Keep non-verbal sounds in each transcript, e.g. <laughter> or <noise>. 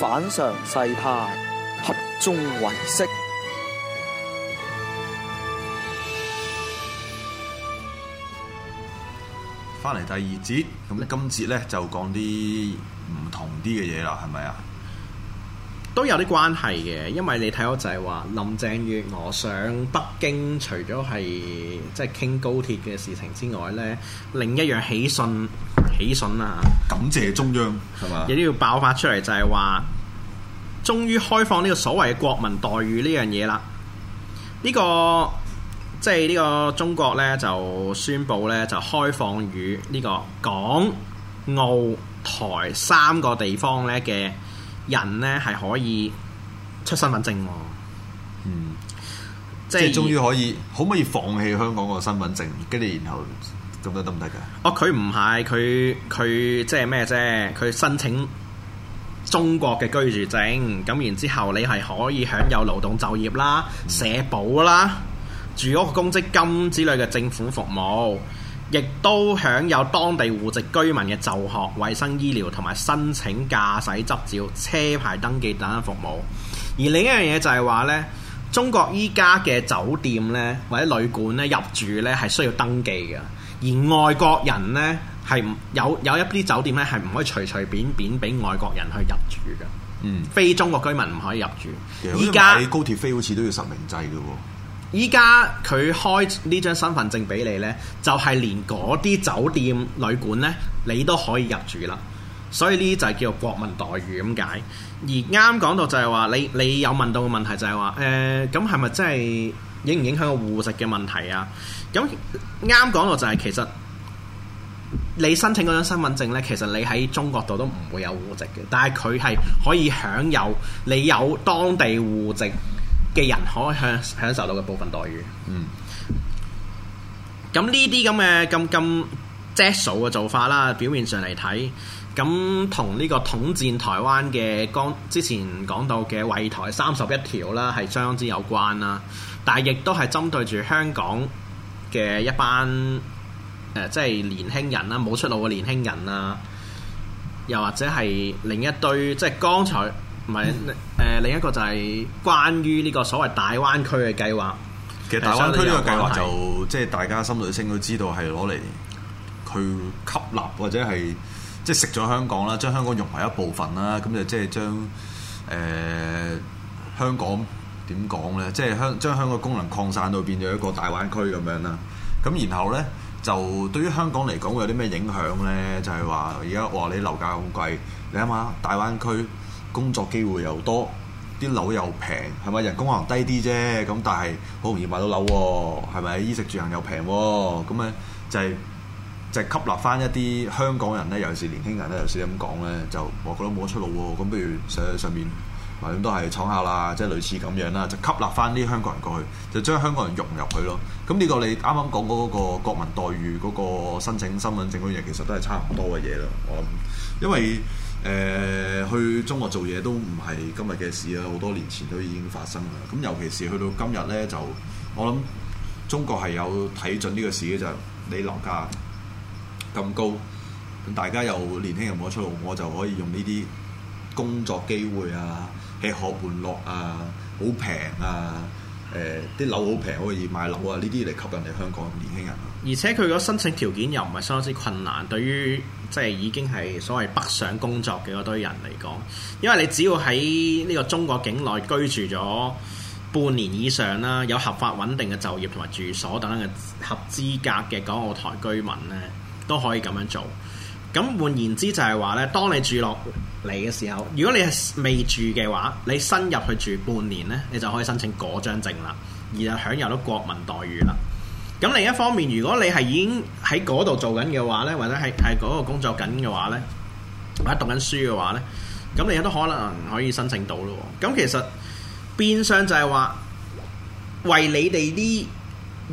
反常世態，合眾唯識。翻嚟第二節，咁今節呢就講啲唔同啲嘅嘢啦，係咪啊？都有啲關係嘅，因為你睇我就係話林鄭月娥上北京，除咗係即係傾高鐵嘅事情之外呢，另一樣喜訊。喜訊啊！感謝中央，係嘛？亦都要爆發出嚟，就係話終於開放呢個所謂嘅國民待遇呢樣嘢啦。呢、這個即係呢個中國呢，就宣佈呢，就開放與呢個港、澳、台三個地方呢嘅人呢，係可以出身份證。嗯，即係終於可以，可唔可以放棄香港個身份證？跟住然後。咁都得唔得噶？哦，佢唔係佢，佢即係咩啫？佢申請中國嘅居住證，咁然之後你係可以享有勞動就業啦、嗯、社保啦、住屋公積金之類嘅政府服務，亦都享有當地戶籍居民嘅就學、衞生醫療同埋申請駕駛執照、車牌登記等等服務。而另一樣嘢就係話呢，中國依家嘅酒店呢，或者旅館呢，入住呢係需要登記嘅。而外國人呢，係有有一啲酒店呢，係唔可以隨隨便便俾外國人去入住嘅，嗯，非中國居民唔可以入住。依家高鐵飛好似都要實名制嘅喎、哦。依家佢開呢張身份證俾你呢，就係、是、連嗰啲酒店旅館呢，你都可以入住啦。所以呢啲就係叫做國民待遇咁解。而啱講到就係話，你你有問到嘅問題就係話，誒咁係咪真係？影唔影響個戶籍嘅問題啊？咁啱講到就係其實你申請嗰張身份證呢，其實你喺中國度都唔會有戶籍嘅，但係佢係可以享有你有當地戶籍嘅人可以享享受到嘅部分待遇。嗯。咁呢啲咁嘅咁咁棘手嘅做法啦，表面上嚟睇，咁同呢個統戰台灣嘅剛之前講到嘅《惠台三十一條》啦，係相當之有關啦。但係亦都係針對住香港嘅一班，呃，即係年輕人啦，冇出路嘅年輕人啊，又或者係另一堆，即係剛才唔係誒，另一個就係關於呢個所謂大灣區嘅計劃。其實大灣區呢個計劃就即係大家心裏邊都知道係攞嚟去吸納或者係即係食咗香港啦，將香港融為一部分啦，咁就即係將誒香港。點講呢？即係香將香港功能擴散到變咗一個大灣區咁樣啦。咁然後呢，就對於香港嚟講會有啲咩影響呢？就係話而家話你樓價咁貴，你諗下大灣區工作機會又多，啲樓又平，係咪人工可能低啲啫？咁但係好容易買到樓喎，係咪？衣食住行又平喎，咁呢、就係，就係、係、就吸納翻一啲香港人呢，尤其是年輕人呢，尤其係咁講呢，就我覺得冇得出路喎。咁不如上上面。咁都係搶下啦，即係類似咁樣啦，就吸納翻啲香港人過去，就將香港人融入去咯。咁呢個你啱啱講嗰個國民待遇嗰、嗰個申請新聞證嗰樣，其實都係差唔多嘅嘢咯。我諗，因為誒、呃、去中國做嘢都唔係今日嘅事啊，好多年前都已經發生啦。咁尤其是去到今日呢，就我諗中國係有睇準呢個事嘅，就你樓價咁高，大家又年輕人冇得出路，我就可以用呢啲工作機會啊～吃喝玩樂啊，好平啊，誒、呃，啲樓好平，可以買樓啊，呢啲嚟吸引你香港年輕人、啊。而且佢個申請條件又唔係相當之困難，對於即係、就是、已經係所謂北上工作嘅嗰堆人嚟講，因為你只要喺呢個中國境內居住咗半年以上啦，有合法穩定嘅就業同埋住所等等嘅合資格嘅港澳台居民呢，都可以咁樣做。咁換言之就係話呢，當你住落嚟嘅時候，如果你係未住嘅話，你新入去住半年呢，你就可以申請嗰張證啦，而就享有到國民待遇啦。咁另一方面，如果你係已經喺嗰度做緊嘅話呢，或者係喺嗰度工作緊嘅話呢，或者讀緊書嘅話呢，咁你都可能可以申請到咯。咁其實變相就係話，為你哋啲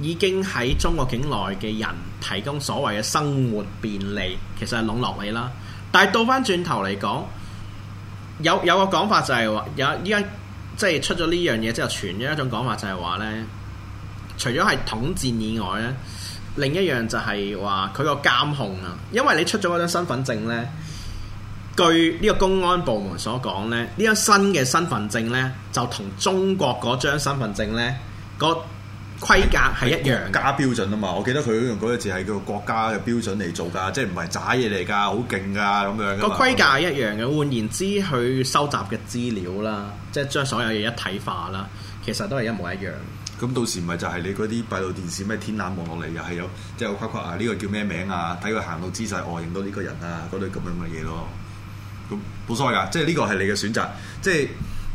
已經喺中國境內嘅人提供所謂嘅生活便利，其實係籠絡你啦。但係倒翻轉頭嚟講，有有個講法就係話，有依家即係出咗呢樣嘢之後，傳咗一種講法就係話呢，除咗係統戰以外呢，另一樣就係話佢個監控啊，因為你出咗嗰張身份證呢，據呢個公安部門所講呢，呢張新嘅身份證呢，就同中國嗰張身份證呢個規格係一樣，國家標準啊嘛，我記得佢用個字係叫國家嘅標準嚟做㗎，即係唔係渣嘢嚟㗎，好勁㗎咁樣。個規格係一樣嘅，換言之，佢收集嘅資料啦，即係將所有嘢一體化啦，其實都係一模一樣。咁到時咪就係你嗰啲閉路電視咩天眼望落嚟，又係有即有誇誇啊！呢、這個叫咩名啊？睇佢行路姿勢，外、哦、認到呢個人啊，嗰類咁樣嘅嘢咯。咁冇所謂噶，即係呢個係你嘅選擇。即係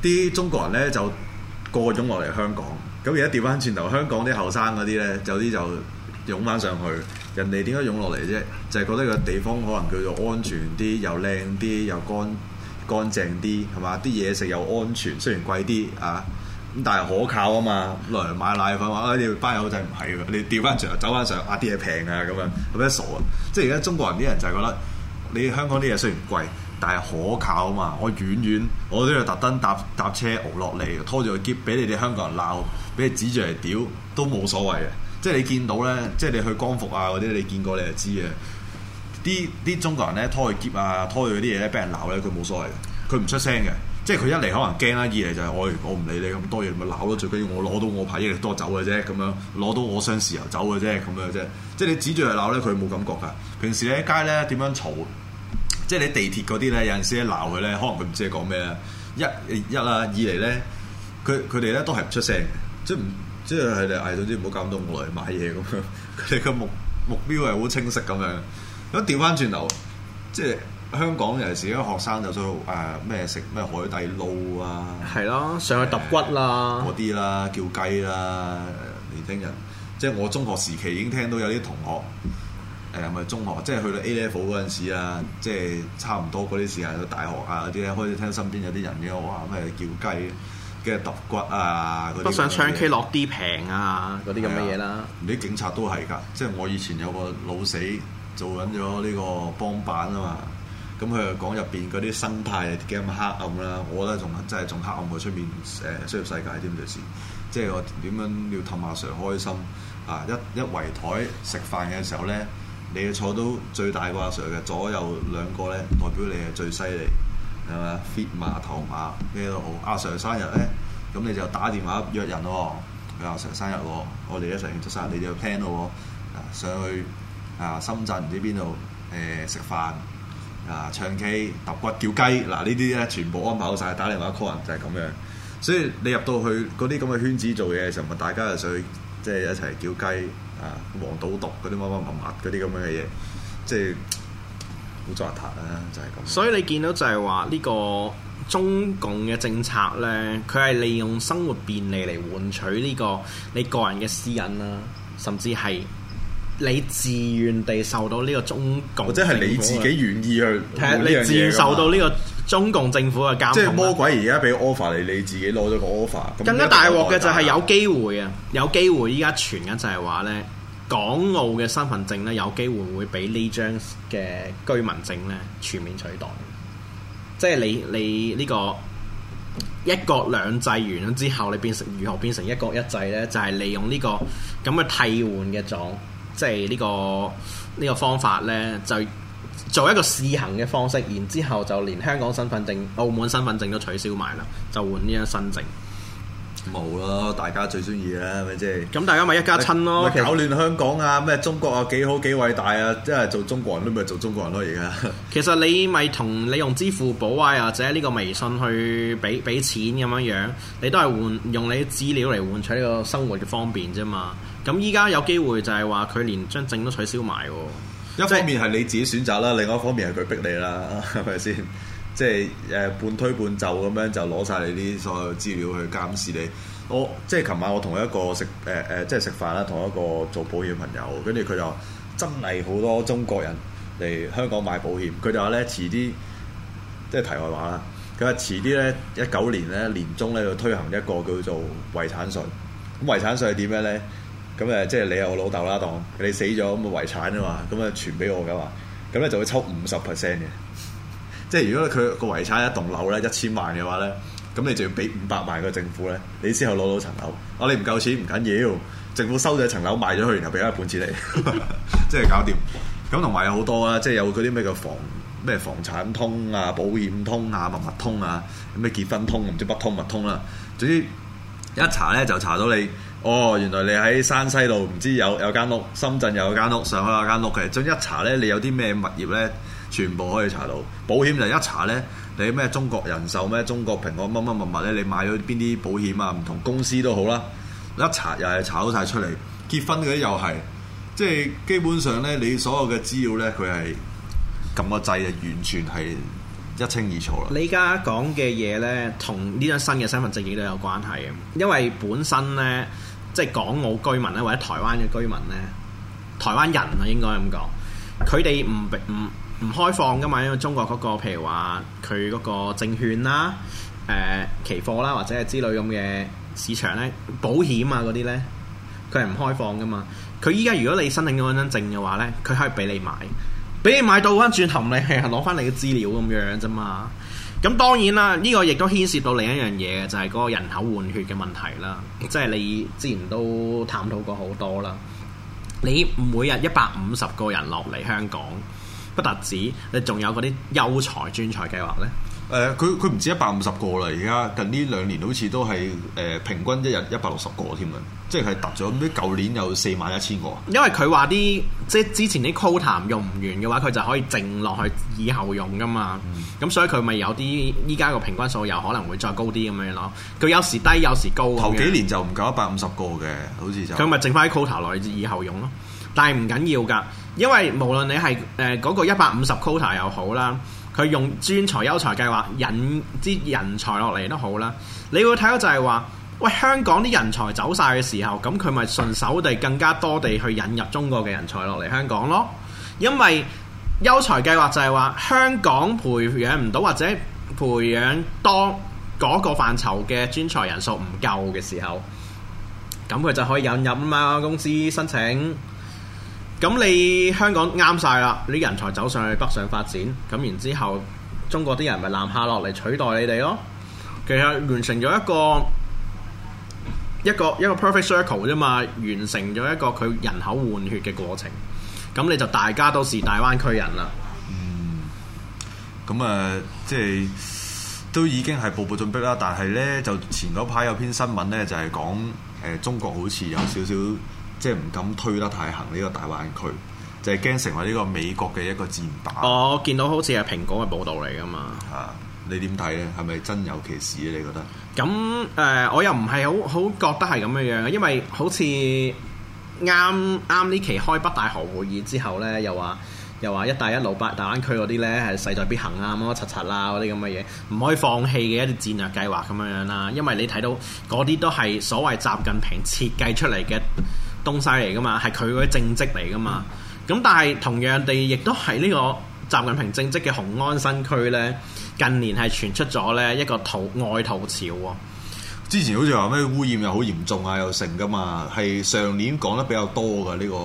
啲中國人咧，就個個種落嚟香港。咁而家調翻轉頭，香港啲後生嗰啲咧，有啲就湧翻上去。人哋點解湧落嚟啫？就係覺得個地方可能叫做安全啲，又靚啲，又乾乾淨啲，係嘛？啲嘢食又安全，雖然貴啲啊，咁但係可靠啊嘛。來買奶粉話，啊，你哋班友仔唔係㗎，你調翻轉頭走翻上，啊啲嘢平啊咁樣，咁樣傻啊！即係而家中國人啲人就係覺得，你香港啲嘢雖然貴。但係可靠啊嘛！我遠遠我都要特登搭搭車行落嚟，拖住個篋俾你哋香港人鬧，俾你指住嚟屌都冇所謂嘅。即係你見到咧，即係你去光復啊嗰啲，或者你見過你就知嘅。啲啲中國人咧拖住篋啊，拖住嗰啲嘢咧俾人鬧咧，佢冇所謂嘅。佢唔出聲嘅，即係佢一嚟可能驚啦，二嚟就係、是哎、我我唔理你咁多嘢，咪鬧咯。最緊要我攞到我牌一嚟多走嘅啫，咁樣攞到我身豉油走嘅啫，咁樣啫。即係你指住嚟鬧咧，佢冇感覺噶。平時你喺街咧點樣嘈？即係你地鐵嗰啲咧，有陣時咧鬧佢咧，可能佢唔知你講咩啦。一一啦，二嚟咧，佢佢哋咧都係唔出聲，即係唔即係係你誒，總之唔好搞到我嚟買嘢咁樣。佢哋個目目標係好清晰咁樣。咁調翻轉頭，即係香港有陣時啲學生就想誒咩食咩海底撈啊，係咯，啊，上去揼骨啦嗰啲啦，叫雞啦，年輕人。即係我中學時期已經聽到有啲同學。誒咪中學，即係去到 A f e v 嗰陣時啊，即係差唔多嗰啲時間到大學啊嗰啲咧，開始聽身邊有啲人嘅話咩叫雞，住揼骨啊嗰啲。都想唱 K 落啲平啊，嗰啲咁嘅嘢啦。啲警察都係㗎，即係我以前有個老死做緊咗呢個幫板啊嘛。咁佢又講入邊嗰啲生態幾咁黑暗啦。我咧仲真係仲黑暗過出面誒，商、呃、業世界啲咁嘅事。即係我點樣要氹下常 i 開心啊？一一,一圍台食飯嘅時候咧。呢呢呢呢呢呢呢呢你要坐到最大個阿、啊、Sir 嘅左右兩個咧，代表你係最犀利，係咪？Fit 碼頭碼咩都好，阿、啊、Sir 生日咧，咁你就打電話約人喎、哦，阿、啊、Sir 生日喎，我哋一齊慶祝生日，你哋去 plan 囉啊，上去啊深圳唔知邊度誒食飯啊，唱 K 揼骨叫雞嗱、啊、呢啲咧全部安排好晒。打電話 call 人就係咁樣，所以你入到去嗰啲咁嘅圈子做嘢嘅時候，咪大家就上去即係、就是、一齊叫雞。啊，黃賭毒嗰啲乜乜物物嗰啲咁樣嘅嘢，即係好雜談啦，就係咁。所以你見到就係話呢個中共嘅政策咧，佢係利用生活便利嚟換取呢個你個人嘅私隱啦，甚至係你自願地受到呢個中共，或者係你自己願意去，你自願受到呢個。中共政府嘅監控，即係魔鬼。而家俾 offer 你，你自己攞咗個 offer。更加大鑊嘅就係有機會啊！有機會依家傳緊就係話呢，港澳嘅身份證呢，有機會會俾呢張嘅居民證呢全面取代。即係你你呢個一國兩制完咗之後，你變成如何變成一國一制呢？就係利用呢個咁嘅替換嘅種，即係呢個呢個方法呢。就。做一個試行嘅方式，然之後就連香港身份證、澳門身份證都取消埋啦，就換呢一張新證。冇啦，大家最中意啦，係咪先？咁大家咪一家親咯，搞亂香港啊！咩中國啊，幾好幾偉大啊！即係做中國人都咪做中國人咯，啊，而家。其實你咪同你用支付寶啊，或者呢個微信去俾俾錢咁樣樣，你都係換用你資料嚟換取呢個生活嘅方便啫嘛。咁依家有機會就係話佢連張證都取消埋。一方面係你自己選擇啦，另外一方面係佢逼你啦，係咪先？ <laughs> 即係誒、呃、半推半就咁樣就攞晒你啲所有資料去監視你。我即係琴晚我同一個食誒誒、呃、即係食飯啦，同一個做保險朋友，跟住佢就話真係好多中國人嚟香港買保險。佢就話咧遲啲，即係題外話啦。佢話遲啲咧一九年咧年中咧要推行一個叫做遺產稅。咁遺產稅係點樣咧？咁誒，即係你係我老豆啦，當你死咗咁啊遺產啊嘛，咁啊傳俾我噶嘛，咁咧就會抽五十 percent 嘅。即係如果佢個遺產一棟樓咧一千萬嘅話咧，咁你就要俾五百萬個政府咧，你先後攞到層樓。哦、啊，你唔夠錢唔緊要，政府收咗層樓賣咗佢，然後俾翻一半錢你， <laughs> 即係搞掂。咁同埋有好多啊，即係有嗰啲咩叫房咩房產通啊、保險通啊、密密通啊、咩結婚通唔知乜通乜通啦、啊，總之一查咧就查到你。哦，原來你喺山西路唔知有有間屋，深圳又有間屋，上海有間屋，其實一查呢，你有啲咩物業呢？全部可以查到。保險就一查呢，你咩中國人壽咩、中國平安乜乜物物呢？你買咗邊啲保險啊？唔同公司都好啦，一查又係查到曬出嚟。結婚嗰啲又係，即係基本上呢，你所有嘅資料呢，佢係撳個掣啊，完全係一清二楚啦。你而家講嘅嘢呢，同呢張新嘅身份證亦都有關係啊，因為本身呢。即係港澳居民咧，或者台灣嘅居民咧，台灣人啊，應該咁講，佢哋唔唔唔開放噶嘛，因為中國嗰個譬如話佢嗰個證券啦、呃、期貨啦或者係之類咁嘅市場咧，保險啊嗰啲咧，佢係唔開放噶嘛。佢依家如果你申請咗張證嘅話咧，佢可以俾你買，俾你買到翻轉頭，你係攞翻你嘅資料咁樣啫嘛。咁當然啦，呢、這個亦都牽涉到另一樣嘢就係、是、嗰個人口換血嘅問題啦。即係你之前都探討過好多啦，你每日一百五十個人落嚟香港，不特止，你仲有嗰啲優才專才計劃呢。誒佢佢唔止一百五十個啦，而家近呢兩年好似都係誒、呃、平均一日一百六十個添啊，即係達咗咩？舊年有四萬一千個。因為佢話啲即係之前啲 quota 用唔完嘅話，佢就可以剩落去以後用噶嘛。咁、嗯、所以佢咪有啲依家個平均數又可能會再高啲咁樣咯。佢有時低有時高。頭幾年就唔夠一百五十個嘅，好似就佢咪剩翻啲 quota 落去以後用咯。但係唔緊要㗎，因為無論你係誒嗰個一百五十 quota 又好啦。佢用專才優才計劃引啲人才落嚟都好啦。你會睇到就係話，喂，香港啲人才走晒嘅時候，咁佢咪順手地更加多地去引入中國嘅人才落嚟香港咯。因為優才計劃就係話，香港培養唔到或者培養多嗰個範疇嘅專才人數唔夠嘅時候，咁佢就可以引入啊嘛，公司申請。咁你香港啱晒啦，你人才走上去北上發展，咁然之後中國啲人咪南下落嚟取代你哋咯。其實完成咗一個一個一個 perfect circle 啫嘛，完成咗一個佢人口換血嘅過程。咁你就大家都是大灣區人啦。嗯，咁啊、呃，即係都已經係步步進逼啦。但係呢，就前嗰排有篇新聞呢，就係、是、講、呃、中國好似有少少。即係唔敢推得太行呢個大灣區，就係驚成為呢個美國嘅一個戰靶。我見到好似係蘋果嘅報道嚟噶嘛？係啊，你點睇咧？係咪真有其事咧？你覺得咁誒、呃？我又唔係好好覺得係咁樣樣，因為好似啱啱呢期開北戴河會議之後呢，又話又話一帶一路大灣區嗰啲呢，係勢在必行啊，乜乜柒柒啦嗰啲咁嘅嘢，唔可以放棄嘅一啲戰略計劃咁樣樣啦。因為你睇到嗰啲都係所謂習近平設計出嚟嘅東西嚟噶嘛，係佢嗰啲政績嚟噶嘛。咁但係同樣地，亦都係呢個習近平政績嘅雄安新區咧，近年係傳出咗咧一個外逃潮喎。之前好似話咩污染又好嚴重啊，又成噶嘛，係上年講得比較多噶呢、呢個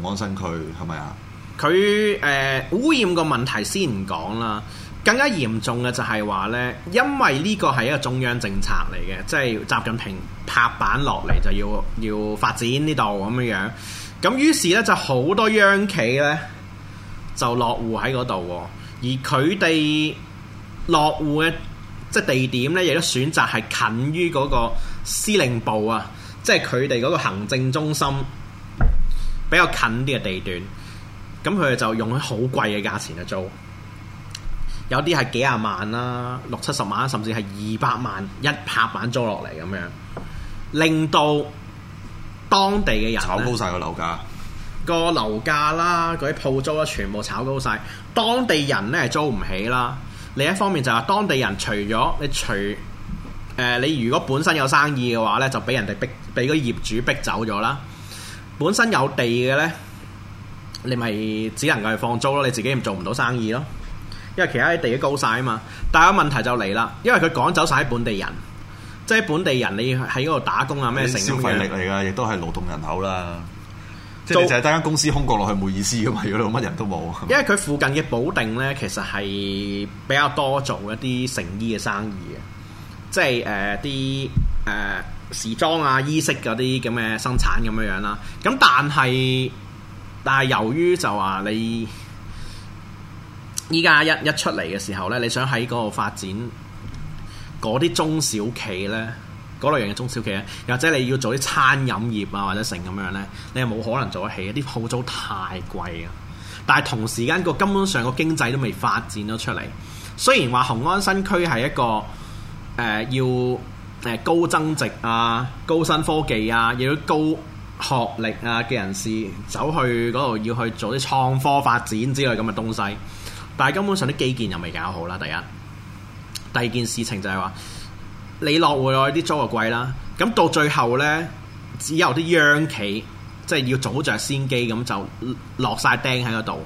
雄安新區係咪啊？佢誒、呃、污染個問題先唔講啦。更加嚴重嘅就係話呢，因為呢個係一個中央政策嚟嘅，即係習近平拍板落嚟就要要發展呢度咁樣樣。咁於是呢，就好多央企呢就落戶喺嗰度，而佢哋落戶嘅即係地點呢，亦都選擇係近於嗰個司令部啊，即係佢哋嗰個行政中心比較近啲嘅地段。咁佢哋就用好貴嘅價錢去租。有啲係幾廿萬啦，六七十萬，甚至係二百萬、一拍板租落嚟咁樣，令到當地嘅人炒高晒個樓價。個樓價啦，嗰啲鋪租啊，全部炒高晒，當地人呢係租唔起啦。另一方面就係當地人除，除咗你，除、呃、誒你如果本身有生意嘅話呢，就俾人哋逼，俾嗰個業主逼走咗啦。本身有地嘅呢，你咪只能夠去放租咯，你自己又做唔到生意咯。因為其他啲地都高晒啊嘛，但係個問題就嚟啦，因為佢趕走晒本地人，即係本地人，你喺嗰度打工啊咩成消費力嚟噶，亦都係勞動人口啦。做即係就係單間公司空降落去冇意思噶嘛，如果度乜人都冇。因為佢附近嘅保定咧，其實係比較多做一啲成衣嘅生意嘅，即係誒啲誒時裝啊、衣飾嗰啲咁嘅生產咁樣樣啦。咁但係但係由於就話你。依家一一出嚟嘅時候呢，你想喺嗰度發展嗰啲中小企呢，嗰類型嘅中小企咧，又或者你要做啲餐飲業啊，或者成咁樣呢，你係冇可能做得起。啲鋪租太貴啊，但係同時間個根本上個經濟都未發展到出嚟。雖然話雄安新區係一個、呃、要高增值啊、高新科技啊、要高學歷啊嘅人士走去嗰度要去做啲創科發展之類咁嘅東西。但係根本上啲基建又未搞好啦，第一。第二件事情就係話，你落會有啲租嘅貴啦。咁到最後呢，只有啲央企即係要早着先機咁就落晒釘喺嗰度。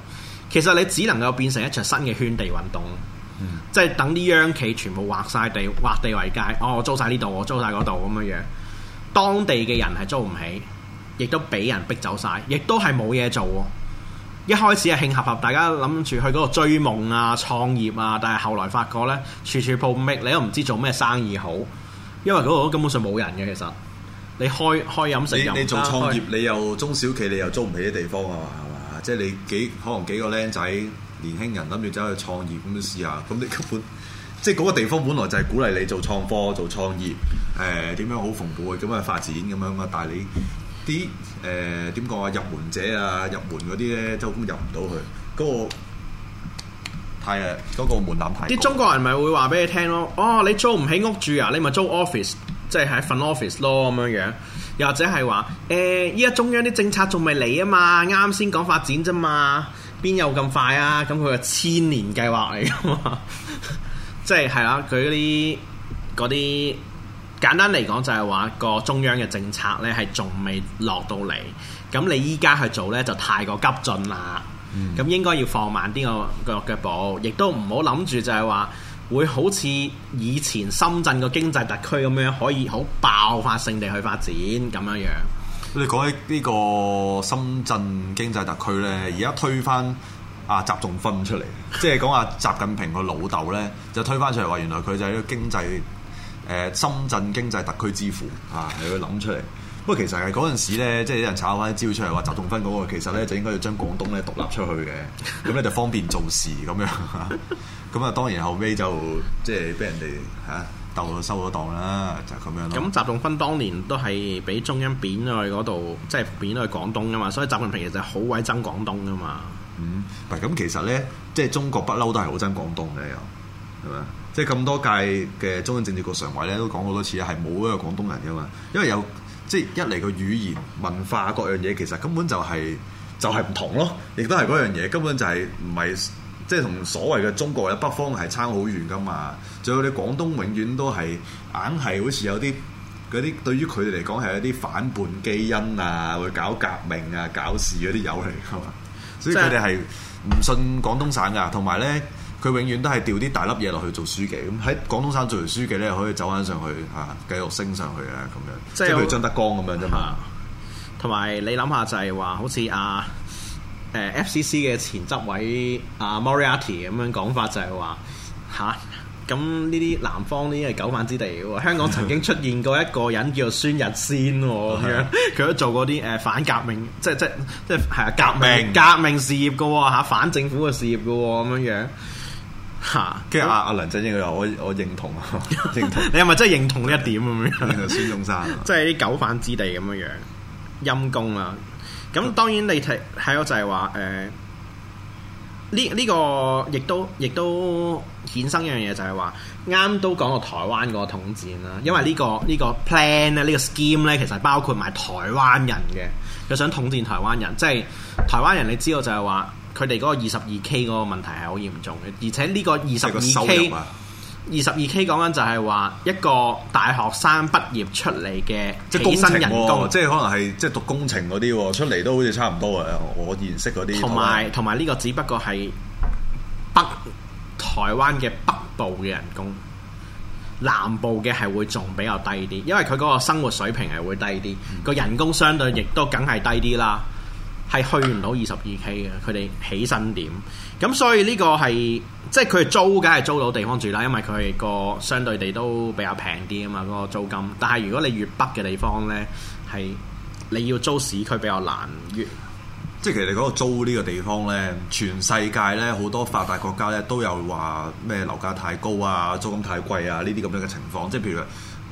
其實你只能夠變成一場新嘅圈地運動，嗯、即係等啲央企全部劃晒地，劃地為界。哦，我租晒呢度，我租晒嗰度咁樣樣。當地嘅人係租唔起，亦都俾人逼走晒，亦都係冇嘢做喎。一開始係慶合合，大家諗住去嗰度追夢啊、創業啊，但係後來發覺呢，處處鋪密，你都唔知做咩生意好，因為嗰度根本上冇人嘅。其實你開開飲食，你你做創業，開你又中小企，你又租唔起啲地方係嘛係嘛，即係、就是、你幾可能幾個僆仔年輕人諗住走去創業咁樣試下，咁你根本即係嗰個地方本來就係鼓勵你做創科、做創業，誒、呃、點樣好蓬勃咁嘅發展咁樣嘛，但係你。啲誒點講啊，入門者啊，入門嗰啲咧，周公入唔到去，嗰個太啊，嗰個門檻太高。啲中國人咪會話俾你聽咯，哦，你租唔起屋住啊，你咪租 office，即係喺份 office 咯咁樣樣，又或者係話誒，依家中央啲政策仲未嚟啊嘛，啱先講發展啫嘛，邊有咁快啊？咁佢個千年計劃嚟噶嘛， <laughs> 即係係啦，佢啲嗰啲。簡單嚟講就係、是、話個中央嘅政策咧係仲未落到嚟，咁你依家去做咧就太過急進啦。咁、嗯、應該要放慢啲個腳腳步，亦都唔好諗住就係話會好似以前深圳個經濟特區咁樣，可以好爆發性地去發展咁樣樣。你講起呢個深圳經濟特區咧，而家推翻啊習仲勳出嚟，即係講阿習近平個老豆咧，就推翻出嚟話原來佢就係一個經濟。誒、呃、深圳經濟特區之父啊，係佢諗出嚟。不過 <laughs> 其實係嗰陣時咧，即係有人炒翻一招出嚟，話習仲勳嗰個，其實咧就應該要將廣東咧獨立出去嘅，咁咧 <laughs> 就方便做事咁樣嚇。咁啊，當然後尾就即係俾人哋鬥到收咗檔啦，就咁、是、樣咯。咁、嗯、習仲勳當年都係俾中央貶咗去嗰度，即係貶咗去廣東噶嘛，所以習近平其實好鬼憎廣東噶嘛。嗯，嗱，咁其實咧，即係中國不嬲都係好憎廣東嘅，又係嘛？即係咁多屆嘅中央政治局常委咧，都講好多次啦，係冇一個廣東人㗎嘛，因為有即係一嚟個語言文化各樣嘢，其實根本就係就係唔同咯，亦都係嗰樣嘢，根本就係唔係即係同所謂嘅中國嘅北方係差好遠㗎嘛。仲有你廣東永遠都係硬係好似有啲嗰啲對於佢哋嚟講係有啲反叛基因啊，會搞革命啊，搞事嗰啲友嚟㗎嘛。所以佢哋係唔信廣東省㗎，同埋咧。佢永遠都係掉啲大粒嘢落去做書記，咁喺廣東省做完書記咧，可以走翻上去嚇，繼續升上去啊咁樣，樣，即係佢張德江咁樣啫嘛。同埋你諗下，就係話好似阿誒 FCC 嘅前執委阿 Moriarty 咁樣講法，就係話嚇咁呢啲南方呢啲係九反之地喎。香港曾經出現過一個人叫做孫逸仙咁樣，佢都 <laughs> <laughs> 做過啲誒反革命，即即即係啊革命革命事業嘅喎嚇，反政府嘅事業嘅喎咁樣。吓，跟住阿阿梁振英佢話我我認同啊，認同。你係咪真係認同呢一點咁樣？孫中山，即係啲狗反之地咁樣樣，陰公啦。咁當然你睇睇到就係話，誒、呃、呢、這、呢個、這個、亦都亦都衍生一樣嘢，就係話啱都講到台灣個統戰啦。因為呢、這個呢、這個 plan 咧，呢個 scheme 咧，其實包括埋台灣人嘅，又想統戰台灣人。即係台灣人，你知道就係話。佢哋嗰個二十二 K 嗰個問題係好嚴重嘅，而且呢個二十二 K，二十二 K 講緊就係話一個大學生畢業出嚟嘅，即係起薪人工，即係、啊、可能係即係讀工程嗰啲出嚟都好似差唔多嘅。我認識嗰啲同埋同埋呢個只不過係北台灣嘅北部嘅人工，南部嘅係會仲比較低啲，因為佢嗰個生活水平係會低啲，個、嗯、人工相對亦都梗係低啲啦。係去唔到二十二 K 嘅，佢哋起薪點？咁所以呢個係即係佢租，梗係租到地方住啦，因為佢個相對地都比較平啲啊嘛，嗰個租金。但係如果你越北嘅地方呢，係你要租市區比較難越。越即係其實嗰個租呢個地方呢，全世界呢，好多發達國家呢都有話咩樓價太高啊，租金太貴啊呢啲咁樣嘅情況。即係譬如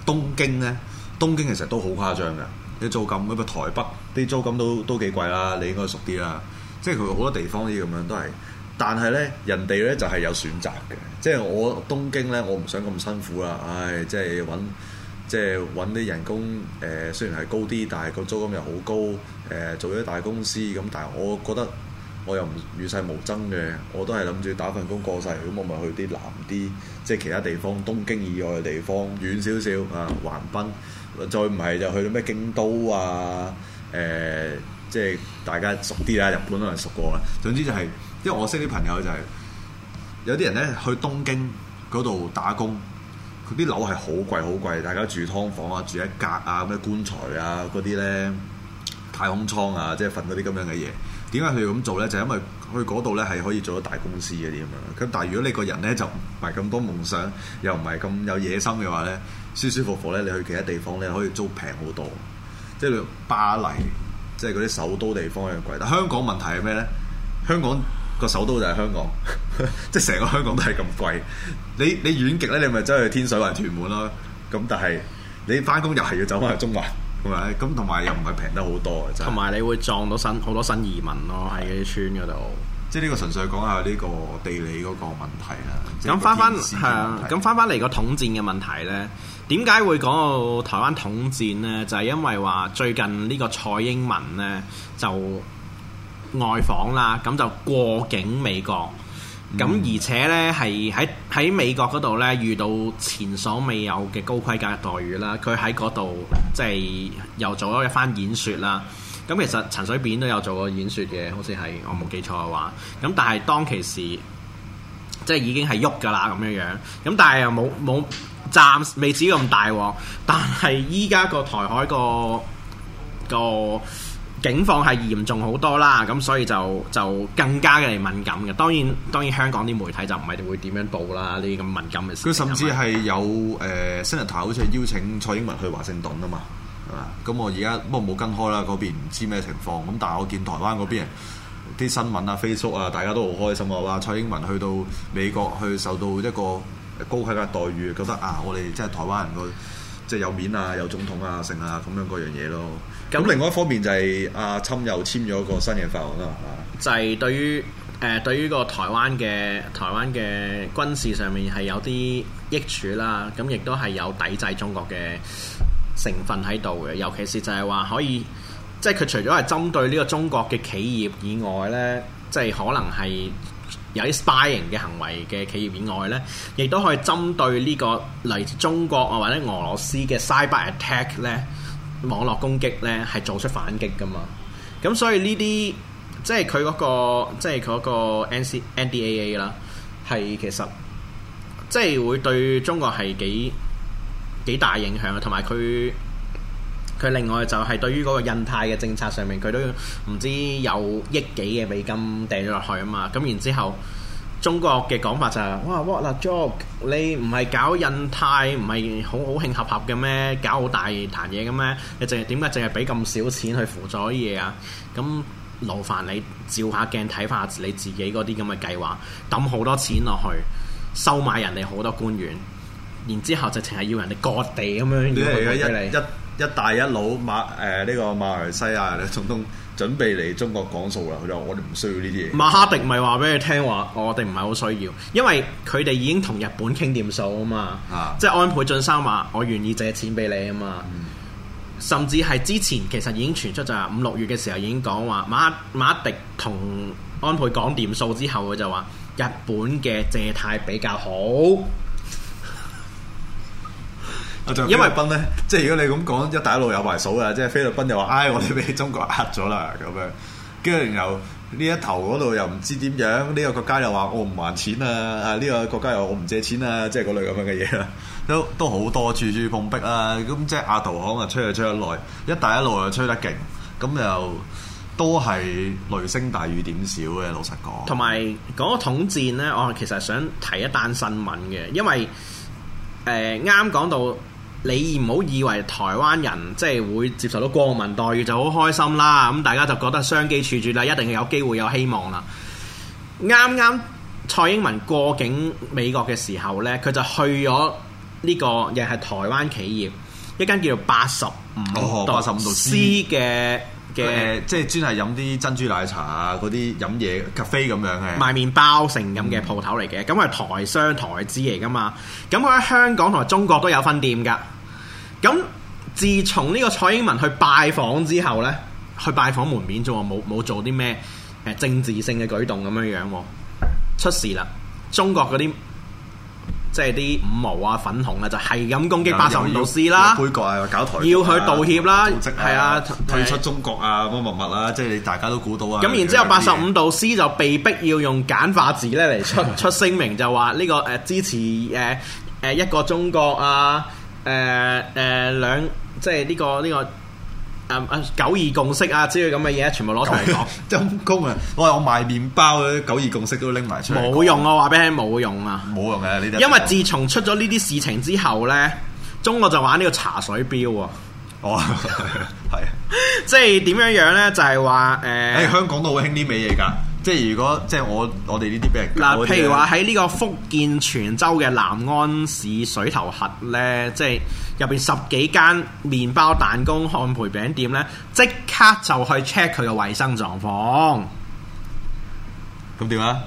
東京呢，東京其實都好誇張嘅。啲租金，咁啊台北啲租金都都幾貴啦，你應該熟啲啦。即係佢好多地方啲咁樣都係，但係咧人哋咧就係有選擇嘅。即係我東京咧，我唔想咁辛苦啦。唉，即係揾即係揾啲人工誒、呃，雖然係高啲，但係個租金又好高誒、呃，做咗大公司咁，但係我覺得我又唔與世無爭嘅，我都係諗住打，打份工過世。咁我咪去啲南啲，即係其他地方，東京以外嘅地方遠少少啊，橫濱。再唔係就去到咩京都啊？誒、呃，即、就、係、是、大家熟啲啦，日本都係熟過啦。總之就係、是，因為我識啲朋友就係、是、有啲人咧去東京嗰度打工，佢啲樓係好貴好貴，大家住劏房啊，住一格啊，咩棺材啊嗰啲咧，太空艙啊，即係瞓嗰啲咁樣嘅嘢。點解佢要咁做咧？就係、因為去嗰度咧係可以做到大公司嗰啲咁樣。咁但係如果你個人咧就唔係咁多夢想，又唔係咁有野心嘅話咧。舒舒服服咧，你去其他地方咧，可以租平好多，即係巴黎，即係嗰啲首都地方一樣貴。但香港問題係咩咧？香港個首都就係香港， <laughs> 即係成個香港都係咁貴。你你遠極咧，你咪走去天水圍、屯門啦。咁但係你翻工又係要走翻去中環，咁同埋又唔係平得好多，真係。同埋你會撞到新好多新移民咯，喺啲是的 村嗰度。即係呢個純粹講下呢個地理嗰個問題啦。咁翻翻係啊，咁翻翻嚟個統戰嘅問題咧，點解會講到台灣統戰咧？就係、是、因為話最近呢個蔡英文咧就外訪啦，咁就過境美國，咁、嗯、而且咧係喺喺美國嗰度咧遇到前所未有嘅高規格待遇啦。佢喺嗰度即係又做咗一番演說啦。咁其實陳水扁都有做過演說嘅，好似係我冇記錯嘅話。咁但係當其時即係已經係喐㗎啦，咁樣樣。咁但係又冇冇暫未至於咁大鑊。但係依家個台海個個境況係嚴重好多啦。咁所以就就更加嘅敏感嘅。當然當然香港啲媒體就唔係會點樣報啦。呢啲咁敏感嘅事。佢甚至係有誒 Senator 好似係邀請蔡英文去華盛頓啊嘛。咁、嗯、我而家、嗯嗯嗯嗯嗯、不過冇跟開啦，嗰邊唔知咩情況。咁但係我見台灣嗰邊啲新聞啊、Facebook 啊，大家都好開心啊，話蔡英文去到美國去受到一個高級嘅待遇，覺得啊，我哋即係台灣人個即係有面啊、有總統啊、成啊咁樣嗰樣嘢咯。咁那另外一方面就係阿侵又簽咗個新嘅法案啦，啊、就係對於誒、呃、對於個台灣嘅台灣嘅軍事上面係有啲益處啦，咁亦都係有抵制中國嘅成分喺度嘅，尤其是就係話可以，即係佢除咗係針對呢個中國嘅企業以外咧，即係可能係有啲 spying 嘅行為嘅企業以外咧，亦都可以針對呢個嚟自中國啊或者俄羅斯嘅 cyber attack 咧，網絡攻擊咧，係做出反擊噶嘛。咁所以呢啲即係佢嗰個，即係佢嗰個 NC NDAA 啦，係其實即係會對中國係幾。幾大影響啊！同埋佢佢另外就係對於嗰個印太嘅政策上面，佢都唔知有億幾嘅美金掟咗落去啊嘛！咁然之後，中國嘅講法就係、是：哇，what a joke！你唔係搞印太，唔係好好興合合嘅咩？搞好大壇嘢嘅咩？你淨係點解淨係俾咁少錢去輔助啲嘢啊？咁勞煩你照下鏡睇下你自己嗰啲咁嘅計劃，抌好多錢落去收買人哋好多官員。然之後就成係要人哋割地咁樣，嗯、你係一一一帶一路馬誒呢、呃這個馬來西亞總統準備嚟中國講數啦，佢就話我哋唔需要呢啲嘢。馬哈迪咪話俾佢聽話，我哋唔係好需要，因為佢哋已經同日本傾掂數啊嘛，啊即係安倍晉三話我願意借錢俾你啊嘛，嗯、甚至係之前其實已經傳出就係五六月嘅時候已經講話馬馬哈迪同安倍講掂數之後，佢就話日本嘅借貸比較好。因為賓咧，即係如果你咁講，一帶一路有埋數嘅，即係菲律賓又話，唉，我哋俾中國呃咗啦，咁樣。跟住然後呢一頭嗰度又唔知點樣，呢、呢個國家又話我唔還錢啊，啊、這、呢個國家又我唔借錢啊，即係嗰類咁樣嘅嘢啊，都都好多處處碰壁啊。咁即係亞投行啊，吹就吹得耐，一帶一路又吹得勁，咁又都係雷聲大雨點小嘅。老實講，同埋個統戰咧，我其實想提一單新聞嘅，因為誒啱講到。你唔好以為台灣人即係會接受到國民待遇就好開心啦！咁、嗯、大家就覺得商機處處啦，一定係有機會有希望啦。啱啱蔡英文過境美國嘅時候呢，佢就去咗呢、這個亦係台灣企業一間叫做八十五度 C 嘅。嘅的、呃、即係專係飲啲珍珠奶茶啊，嗰啲飲嘢咖啡 f 咁樣嘅賣麵包成咁嘅鋪頭嚟嘅，咁係台商台資嚟噶嘛，咁佢喺香港同埋中國都有分店噶。咁自從呢個蔡英文去拜訪之後呢，去拜訪門面啫冇冇做啲咩誒政治性嘅舉動咁樣樣喎，出事啦！中國嗰啲。即係啲五毛啊、粉紅啊，就係咁攻擊八十五度 C 啦，要去道歉啦，係啊，啊啊退出中國啊，乜乜乜啦，即係大家都估到啊。咁、啊、然之後，八十五度 C 就被逼要用簡化字咧嚟出 <laughs> 出聲明就，就話呢個誒、呃、支持誒誒一個中國啊，誒誒兩即係呢個呢個。這個誒誒、啊，九二共識啊，之類咁嘅嘢，全部攞出嚟講，陰功啊！我話我賣麵包啲九二共識都拎埋出嚟，冇用啊，我話俾你聽冇用啊，冇用啊，呢啲、啊。因為自從出咗呢啲事情之後咧，中國就玩呢個查水錶啊！哦，係 <laughs> 是， <laughs> 即係點樣樣咧？就係話誒，喺、呃欸、香港都好興啲咩嘢噶。即係如果即係我我哋呢啲俾嗱，那就是、譬如話喺呢個福建泉州嘅南安市水頭核呢，即係入邊十幾間麵包蛋糕烘焙餅店呢，即刻就去 check 佢嘅衛生狀況。咁點啊？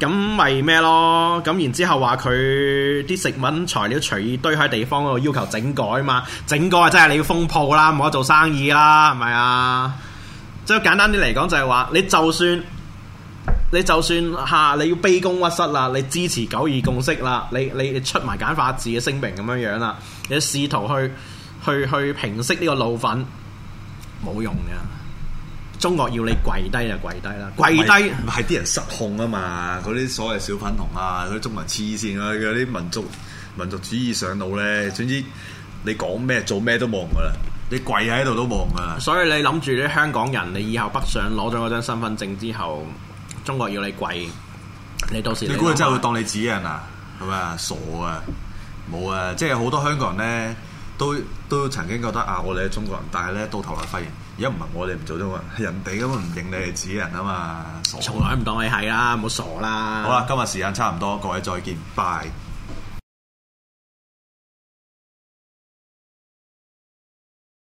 咁咪咩咯？咁然之後話佢啲食物材料隨意堆喺地方嗰度，要求整改嘛？整改即係你要封鋪啦，冇得做生意啦，係咪啊？即係簡單啲嚟講，就係話你就算。你就算嚇、啊、你要卑躬屈膝啦，你支持九二共識啦、嗯，你你出埋簡化字嘅聲明咁樣樣啦，你試圖去去去平息呢個怒憤，冇用噶。中國要你跪低就跪低啦，跪低唔係啲人失控啊嘛，嗰啲所謂小粉紅啊，嗰啲中文黐線啊，嗰啲民族民族主義上腦呢。總之你講咩做咩都冇用噶啦，你跪喺度都冇用啊。所以你諗住啲香港人，你以後北上攞咗嗰張身份證之後。中國要你跪，你到時你估佢真係會當你自己人啊？係咪啊？傻啊！冇啊！即係好多香港人咧，都都曾經覺得啊，我哋係中國人，但係咧到頭來發現，而家唔係我哋唔做中國人，係人哋根本唔認你係自己人啊嘛！傻、啊！從來唔當你係啦，唔好傻啦！好啦、啊，今日時間差唔多，各位再見，拜。